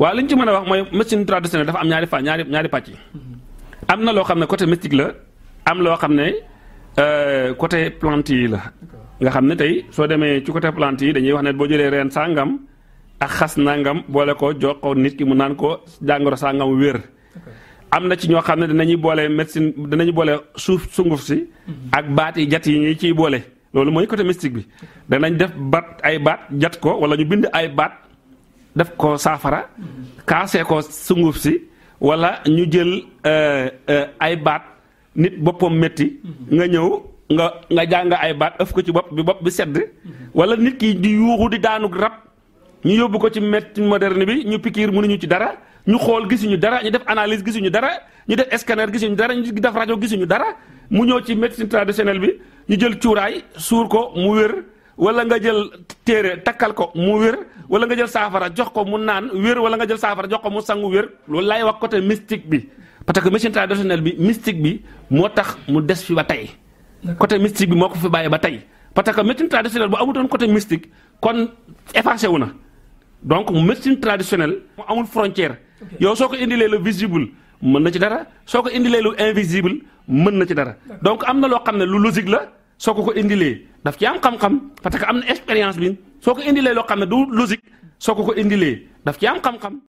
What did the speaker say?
waaw li ñu ci mën a wax mooy médecine traditionnelle dafa am ñaari fa ñaari ñaari yi mm-hmm. am na loo xam ne côté mystique la am loo xam ne euh, côté plante yi la nga xam ne tey soo demee ci côté plante yi dañuy wax ne boo jëlee reen sàngam ak xas nangam boole ko jox ko nit ki mu naan ko jàngoro sàngam wér am na ci ñoo xam ne dinañuy boole médecine dinañu boole suuf sunguf si mm-hmm. ak baat yi jat yi ñi ciy boole loolu mooy côté mystique bi danañ def bat ay baat jat ko wala ñu bind ay baat def ko saafara kaasee ko sunguf si wala ñu jël euh, euh, ay baat nit boppam métti nga ñëw nga nga jàng ay baat ëf ko ci bopp bi bopp bi sedd wala nit ki di yuuxu di daanu rab ñu yóbbu ko ci médecine moderne bi ñu pikiir mënuñu ci dara ñu xool gisuñu dara ñu def analyse gisuñu dara ñu def scanner gisuñu dara ñu def rajo gisuñu dara mu ñëw ci médecine traditionnelle bi ñu jël cuuraay suur ko mu wér wala nga jël téere takkal ko mu wér wala nga jël saafara jox ko mu naan wér wala nga jël saafara jox ko mu sangu wér loolu laay wax côté mystique bi parce que médecine traditionnelle bi mystique bi moo tax mu des fi ba tey. côté mystique bi moo ko fi bàyyi ba tey parce que médecine traditionnelle bu amutoon côté mystique kon effacé wu na donc médecine traditionnelle mu amul frontière. yow soo ko indilee le visible mën na ci dara soo ko indilee lu invisible mën na ci dara. donc am na loo xam ne lu logique la. soo ko ko indilee daf ci am xam-xam parce que am na expérience bi soo ko indilee loo xam ne du logique soo ko ko indilee daf ci am xam-xam